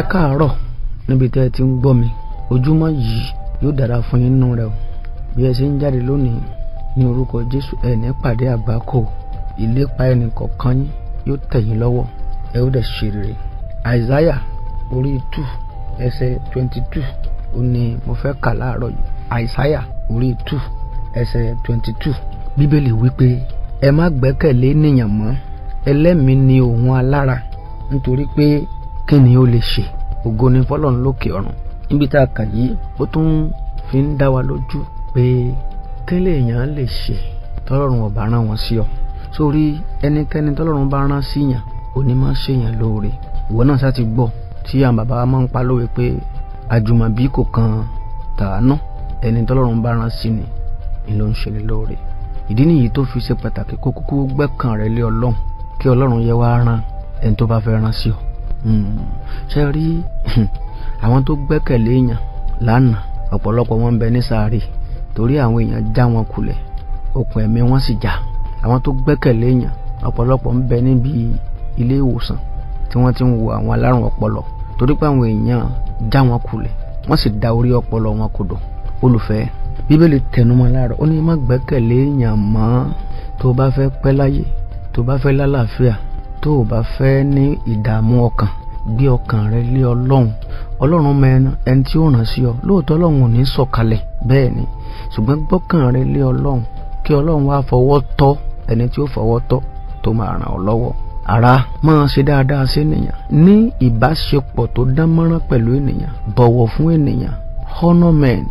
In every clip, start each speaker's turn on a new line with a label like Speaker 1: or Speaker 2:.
Speaker 1: ẹ káàárọ̀ níbi tẹ́ ẹ ti ń gbọ́ mi ojúmọ́ yìí yóò dára fún yín nínú rẹ o bí ẹ ṣe ń jáde lónìí ní orúkọ jésù ẹ ní pàdé àgbákò ìlépa ẹnì kọ̀ọ̀kan yín yóò tẹ̀ yín lọ́wọ́ ẹ ó dẹ̀ ṣe àìsáyà orí two ẹsẹ̀ twenty two ó ní mo fẹ́ kà láàárọ̀ yìí àìsáyà orí two ẹsẹ̀ twenty two bíbélì wípé kí ni ó lè ṣe ògo ni fọlọ́run lókè ọ̀run níbi tá a kà yìí ó tún fi ń dá wa lójú pé tẹ́lẹ̀ èèyàn lè ṣe tọ́lọ́run ọ̀bá rán wọn sí ọ sórí ẹnikẹ́ni tọ́lọ́run bá rán sí yàn òní máa ń ṣèyàn lóore ìwọ náà sá ti gbọ́ tí àwọn bàbá wa máa ń pa lówe pé àjùmọ̀bí kò kan tàánú ẹni tọ́lọ́run bá rán sí ni ni ló ń ṣe ní lóore ìdí nìyí tó fi ṣe pàtàkì kó kúkú gbẹ́kàn rẹ lé ọlọ́run kí ọlọ́run yẹ wá rán ẹni tó bá fẹ́ rán sí ọ Hmm. ṣe rí àwọn tó gbẹ́kẹ̀lé èèyàn lánàá ọ̀pọ̀lọpọ̀ wọn ń bẹ ní sáré torí àwọn èèyàn já wọn kulẹ̀ okùn ẹ̀mí wọn sì já àwọn tó gbẹ́kẹ̀lé èèyàn ọ̀pọ̀lọpọ̀ ń bẹ níbi ilé ìwòsàn tí wọ́n ti ń wo àwọn alárùn ọpọlọ torí pé àwọn èèyàn já wọn kulẹ̀ wọ́n sì da orí ọpọlọ wọn kodò olùfẹ́ bíbélì tẹnumọ́ láàárọ̀ ó ní má gbẹ́kẹ̀lé èèyàn mọ́ tó bá fẹ́ pẹ́ láyé tó bá fẹ́ lálàáfíà tó o bá fẹ́ ní ìdààmú ọkàn gbé ọkàn rẹ lé ọlọ́run ọlọ́run mẹ́rin ẹni tí ó ràn sí ọ lóòótọ́ ọlọ́run ò ní sọ̀kalẹ̀ bẹ́ẹ̀ ni ṣùgbọ́n gbọ́kàn rẹ lé ọlọ́run kí ọlọ́run wá fọwọ́ tọ́ ẹni tí ó fọwọ́ tọ́ tó máa ràn ọ́ lọ́wọ́ ara máa ṣe dáadáa sí ènìyàn ní ìbáṣepọ̀ tó dán mọ́rán pẹ̀lú ènìyàn bọ̀wọ̀ fún ènìyàn honour men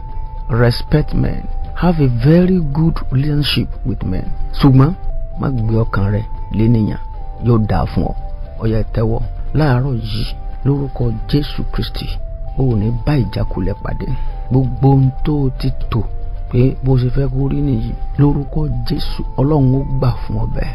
Speaker 1: respect men have a very good relationship with men ṣùgbọ́n má gbé ọkàn rẹ lé ènìyàn yóò dáa fún ọ ọyẹ tẹ́wọ́ láàárọ̀ yìí lórúkọ Jésù Kristi o ò ní bá ìjákulẹ̀ pàdé gbogbo ohun tó o ti tò pé bó ṣe fẹ́ kó rí nìyí lórúkọ Jésù Ọlọ́run ó gbà fún ọ bẹ́ẹ̀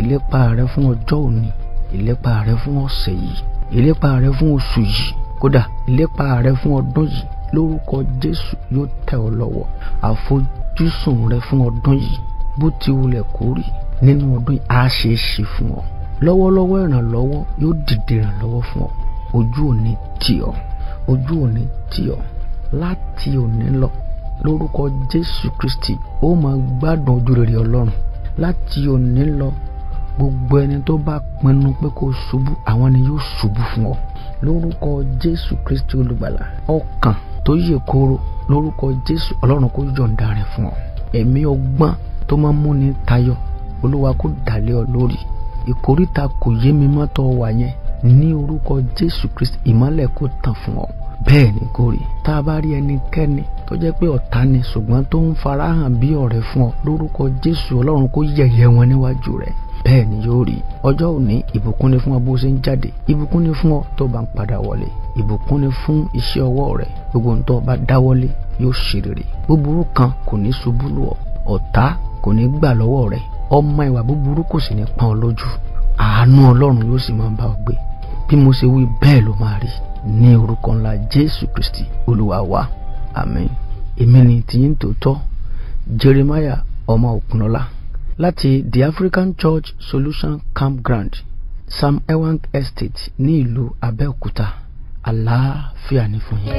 Speaker 1: ìlépa rẹ fún ọjọ́ òní ìlépa rẹ fún ọ̀sẹ̀ yìí ìlépa rẹ fún oṣù yìí kódà ìlépa rẹ fún ọdún yìí lórúkọ Jésù yóò tẹ̀ ọ́ lọ́wọ́ àfojúsùn rẹ fún ọdún yìí bó ti wulẹ̀ kórì nínú ọdún yìí á ṣe é ṣe fún ọ lọ́wọ́lọ́wọ́ ìrànlọ́wọ́ yóò dìde ìrànlọ́wọ́ fún ọ ojú òní tì ọ́ ojú òní tì ọ́ láti òní lọ lórúkọ Jésù Kristi ó máa gbádùn ojú rere Ọlọ́run láti òní lọ gbogbo ẹni tó bá pinnu pé kó ṣubú àwọn ni yóò ṣubú fún ọ lórúkọ Jésù Kristi olùgbàlà ọkàn tó yè kóró lórúkọ Jésù Ọlọ́run kó yọ̀ǹda rẹ̀ fún ọ ẹ̀mí ọgbọ́n tó máa múni tayọ Olúwa kó dàlẹ́ ọ lórí ìkóríta kò yé mi mọ́ wà yẹn ní orúkọ jésù kristi ìmọ́lẹ̀ kó tàn fún ọ bẹ́ẹ̀ ni kò rí tá a bá rí ẹnikẹ́ni tó jẹ́ pé ọ̀tá ni ṣùgbọ́n tó ń farahàn bí ọ̀rẹ́ fún ọ lórúkọ jésù ọlọ́run kó yẹ̀yẹ́ wọn níwájú rẹ̀ bẹ́ẹ̀ ni yóò rí ọjọ́ òní ìbùkún ni fún ọ bó ṣe ń jáde ìbùkún ni fún ọ tó bá ń padà wọlé ìbùkún ni fún iṣẹ́ ọwọ́ rẹ gbogbo nǹkan ọba dáwọ́lé yóò ṣe búburú kan kò ní ṣubú lù ọ̀tá kò ní gbà lọ́wọ́ rẹ ọmọ ìwà búburú kò sì ní pọ́n ọ lójú àánú ọlọ́run yóò sì máa bá ọ gbé bí mo ṣe wí bẹ́ẹ̀ ló máa rí ní orúkọ ńlá jésù kristi olúwa wa àmín èmi ni tiyín tòótọ́ jeremiah ọmọ òkunlọ́lá láti the african church solution campground sam ewang estate ní ìlú abẹ́òkúta àlàáfíà ní fún yín.